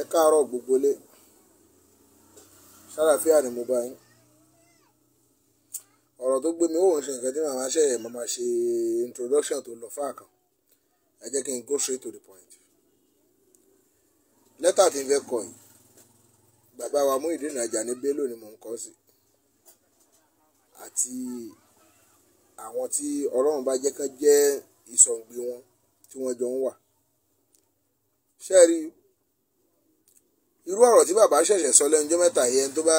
Ẹ káàárọ̀ gbogbo ilé. Ṣáláfíà ni mo bá yín. Ọ̀rọ̀ tó gbé mi wò ń ṣe ǹkan tí màá máa ṣẹ̀ ṣe introduction tó lọ fáà kan. Ẹ jẹ́ kí n go straight to the point. Lẹ́tà tí ń fẹ́ kọ yìí, bàbá wa Muyideen Ajani Bello ni mò ń kọ sí, àti àwọn tí Ọlọ́run bá jẹ́ kí jẹ́ ìsọ̀ǹgbé wọn tí wọ́n jọ ń wà ṣe rí irú ọ̀rọ̀ tí bàbá ṣẹ̀ṣẹ̀ sọ lẹ́nu jọ́ mẹ́ta yẹn tó bá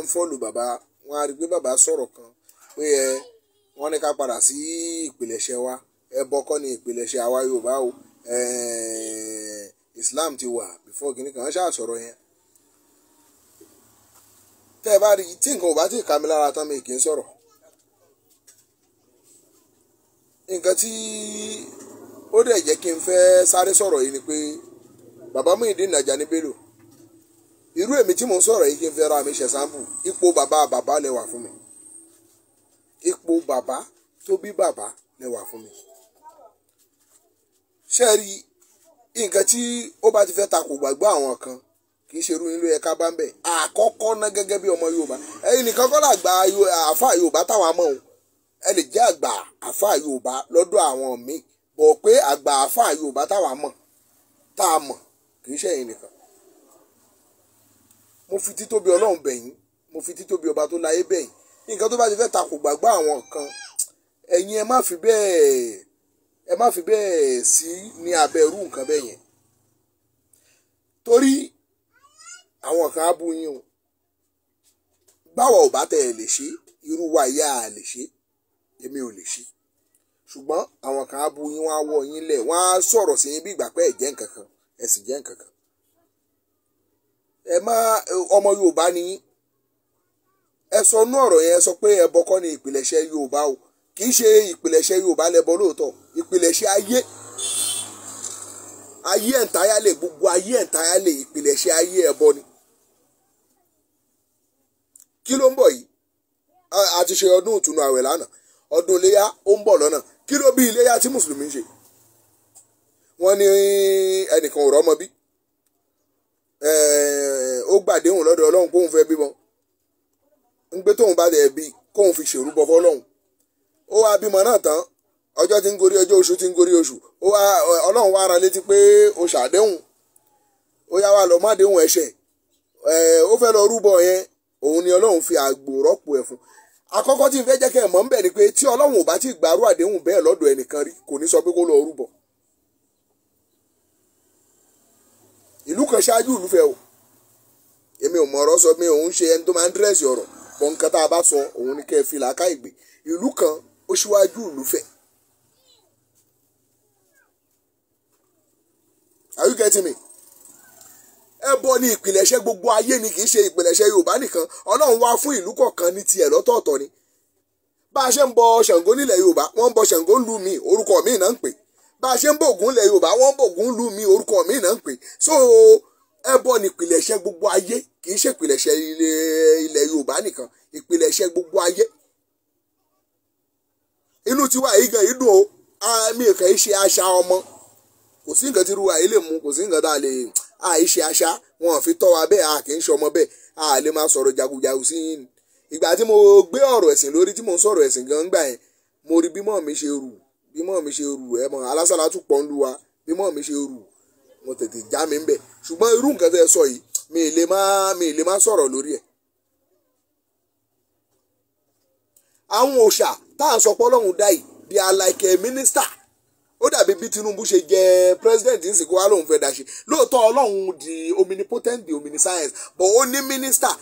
ń fọ́ọ̀lù bàbá wọn á rí i pé bàbá sọ̀rọ̀ kan pé ẹ wọ́n ní ká padà sí ìpìlẹ̀ṣẹ̀ wa ẹbọ kọ́ ni ìpìlẹ̀ṣẹ̀ àwa Yorùbá o Islam ti wà before kìnnì kan ṣáà sọ̀rọ̀ yẹn tẹ́ ẹ bá rí tí nǹkan ò bá ti kà mí lára tán mi kì í sọ̀rọ̀ nǹkan tí ó dẹ̀ jẹ́ kí n fẹ́ sáré sọ̀rọ̀ yìí ni pé bàbá Muyideen Ajani Bello irú èmi tí mò ń sọ̀rọ̀ yìí kí n fẹ́ ra mi ṣe sáǹpù ipò bàbá bàbá lẹ wà fún mi ipò bàbá tó bí bàbá lẹ wà fún mi ṣe rí nǹkan tí ó bá ti fẹ́ takò gbàgbọ́ àwọn kan kì í ṣerú nílò ẹ̀ka bá ń bẹ̀ àkọ́kọ́ ná gẹ́gẹ́ bí ọmọ yorùbá ẹ̀yin nìkan kọ́ là gba àáfà yorùbá táwọn amọ̀ ẹ lè jẹ́ àgbà àáfà yorùbá lọ́dọ̀ àwọn míì bọ̀ pé àgbà àáfàá Yorùbá táwa mọ̀ tá a mọ̀ kì í ṣẹ̀yìn nìkan mo fi títóbi Ọlọ́run bẹ̀yìn mo fi títóbi ọba tó láyé bẹ̀yìn nǹkan tó bá ti fẹ́ ta kò gbàgbọ́ àwọn kan ẹ̀yin ẹ má fi bẹ́ẹ̀ ẹ má fi bẹ́ẹ̀ sí ní abẹ́rú nǹkan bẹ́ẹ̀ yẹn torí àwọn kan á bú yín o báwa ò bá tẹ̀ lè ṣe irú wa ìyá lè ṣe èmi ò lè ṣe. ṣùgbọ́n àwọn kan abu bu yín wọ́n á wọ yín lẹ̀ wọ́n á sọ̀rọ̀ sí yín bí ìgbà pẹ́ esi nǹkan ẹ̀sìn jẹ́ omo ẹ má ọmọ Yorùbá ni yín ẹ sọ inú ọ̀rọ̀ yẹn sọ pé ẹbọ ni ìpìlẹ̀ṣẹ̀ Yorùbá o kì í ṣe ìpìlẹ̀ṣẹ̀ Yorùbá lẹ́bọ lóòótọ́ ìpìlẹ̀ṣẹ̀ ayé ayé ẹ̀ǹtáyálè gbogbo ayé ẹ̀ǹtáyálè ìpìlẹ̀ṣẹ̀ ayé ni kí ló ń bọ̀ yìí ṣe ọdún ìtùnú àwẹ̀ lánàá ọdún iléyà kí ló bí iléyá tí mùsùlùmí ń ṣe wọ́n ní ẹnìkan ò rọ́mọ bí ó gbàdéhùn lọ́dọ̀ ọlọ́run kóun fẹ́ bímọ ń gbé tóun bá dẹ̀ bí kóun fi ṣèrú bọ fọ́lọ́hun ó wá bímọ náà tán ọjọ́ tí ń gorí oṣù tí ń gorí oṣù wá ara létí pé o ṣàdéhùn ó yá wa lọ má déhùn ó lọ rúbọ yẹn òun ni fi àgbò àkọ́kọ́ tí n fẹ́ jẹ́ kẹ́ ẹ̀ mọ̀ ń ni pé tí ọlọ́run ò bá ti gbàrú àdéhùn bẹ́ẹ̀ lọ́dọ̀ ẹnìkan rí kò ní sọ pé kó lọ rúbọ. ìlú kan ṣáájú ìlú fẹ́ o èmi ò mọ̀ ọ̀rọ̀ sọ mi òun ṣe ẹni tó máa ń dírẹ́sì ọ̀rọ̀ bọ̀ nǹkan tá a bá sọ òun ni kẹ́ ẹ fi làákà ìgbè ìlú kan ó ṣíwájú ìlú fẹ́. Are you getting me? ẹbọ ni ìpìlẹ̀ṣẹ̀ gbogbo ayé ni kì í ṣe ìpìlẹ̀ṣẹ̀ Yorùbá nìkan Ọlọ́run wá fún ìlú kọ̀ọ̀kan ní tiẹ̀ lọ́tọ̀ọ̀tọ̀ ni bá a ṣe ń bọ Ṣàngó nílẹ̀ Yorùbá wọ́n ń bọ Ṣàngó lù mí orúkọ mi náà ń pè bá a ṣe ń bọ Ògún Yorùbá wọ́n ń bọ Ògún lù orúkọ mi náà ń pè so ẹbọ ni ìpìlẹ̀ṣẹ̀ gbogbo ayé kì í ṣe ilẹ̀ Yorùbá nìkan gbogbo ayé inú yìí gan o ṣe àṣà ọmọ kò sí nǹkan tí irú wa yìí lè mú kò sí nǹkan tá a lè mú àìṣe àṣà wọn fi tọ́ wa bẹ́ẹ̀ a kì í ṣọmọ bẹ́ẹ̀ a lè máa sọ̀rọ̀ jagunjagun sí yín ìgbà tí mo gbé ọ̀rọ̀ ẹ̀sìn lórí tí mo ń sọ̀rọ̀ ẹ̀sìn gan gbà yẹn mo rí bímọ mi ṣe rù bímọ mi ṣe rù ẹ mọ alásàlá tún pọ̀ ń lu wa bímọ mi ṣe rù mo tètè já mi ń bẹ̀ ṣùgbọ́n irú nǹkan tẹ́ sọ yìí mi lè má mi lè má sọ̀rọ̀ lórí ẹ̀. àwọn òòṣà tá à sọ pé dá yìí they are like a minister ó dàbí bí Tinubu ṣe jẹ president ń sìnkú wa lòun fẹ́ dá ṣe lóòótọ́ di omnipotent di omniscience but ó ní minister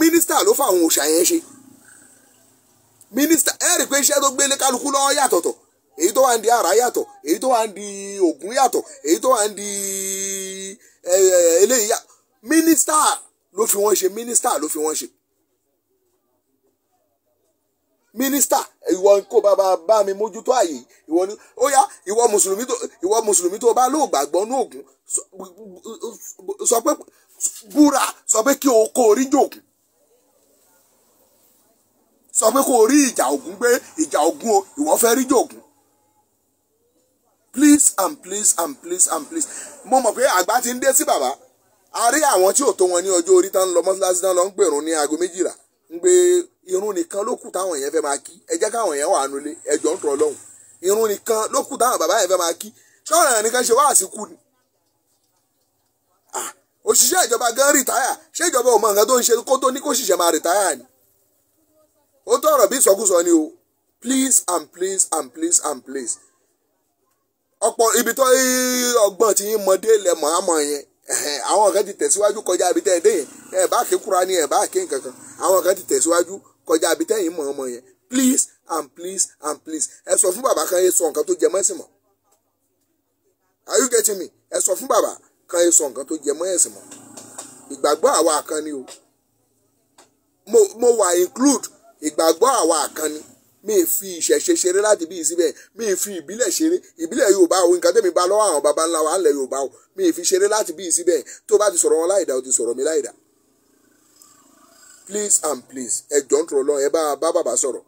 minister ló fàwọn òòṣà yẹn ṣe minister ẹ rí i pé iṣẹ́ tó gbélé kálukú lọ́wọ́ yàtọ̀tọ̀ èyí tó wà ń di ara yàtọ̀ èyí tó wà ń di Ògún yàtọ̀ èyí tó wà ń di eléyìí yàtọ̀ minister ló fi wọ́n ṣe minister ló fi wọ́n ṣe Minister, ìwọ kó bàbá bá mi mójútó àyè ìwọ ni ó yá ìwọ mùsùlùmí tó ìwọ mùsùlùmí tó bá lóò gbàgbọ́ ní ògùn sọ pé búra sọ pé kí o kó orí jòkùn sọ pé kó o rí ìjà ògùn gbé ìjà ògùn o ìwọ fẹ́ rí jòkùn please and please and please and please mo mọ̀ pé àgbà ti ń dé sí bàbá a rí àwọn tí ò tó wọn ní ọjọ́ orí tán ń lọ mọ́ṣáláṣí tán lọ ń pèrún ní aago méjìlá ń gbé irun nìkan ló kù táwọn èèyàn fẹ́ máa kí ẹ jẹ́ káwọn èèyàn wà nulẹ̀ ẹjọ́ ń tọ́ lọ́hùn irun nìkan ló kù táwọn bàbá yẹn fẹ́ máa kí sọ́ọ̀rọ̀ yẹn nìkan ṣe wá àsìkú ni òṣìṣẹ́ ìjọba gan rìtáyà ṣé ìjọba ò mọ nǹkan tó ń ṣe kó tó ní kó ṣiṣẹ́ máa rìtáyà ni ó tọrọ bí ìsọkúsọ ni o please and please and please and please ọ̀pọ̀ ibi tó ọgbọ́n ti yín mọdé lẹ̀ mọ́ àmọ́ yẹn àwọn kan ti tẹ̀síwájú kọjá ibi tẹ́ bá ké Kùránì ẹ bá ké nǹkan àwọn kan ti tẹ̀síwájú kọjá àbí tẹ́yìn mọ̀ ọmọ yẹn please and please and please ẹ sọ fún bàbá kan yẹ sọ nǹkan tó jẹ mọ́ ẹ̀sìn mọ́ are you getting me ẹ sọ fún bàbá kan yẹ sọ nǹkan tó jẹ mọ́ ẹ̀sìn mọ́ ìgbàgbọ́ àwa kan ni o mo mo wà include ìgbàgbọ́ àwa kan ni mi fi ìṣẹ̀ṣe ṣeré láti bí síbẹ̀ mi fi ìbílẹ̀ ṣeré ìbílẹ̀ yorùbá o nǹkan tẹ̀mí ba lọ́wọ́ àwọn baba ńlá wa ńlẹ̀ yorùbá o mi fi ṣeré láti bí síbẹ̀ tó bá ti sọ̀rọ̀ wọn láìda o ti sọ̀rọ̀ mi láìda please and please ẹ jọ̀ọ́ ń tọrọ lọ ẹ bá bá bàbá sọ̀rọ̀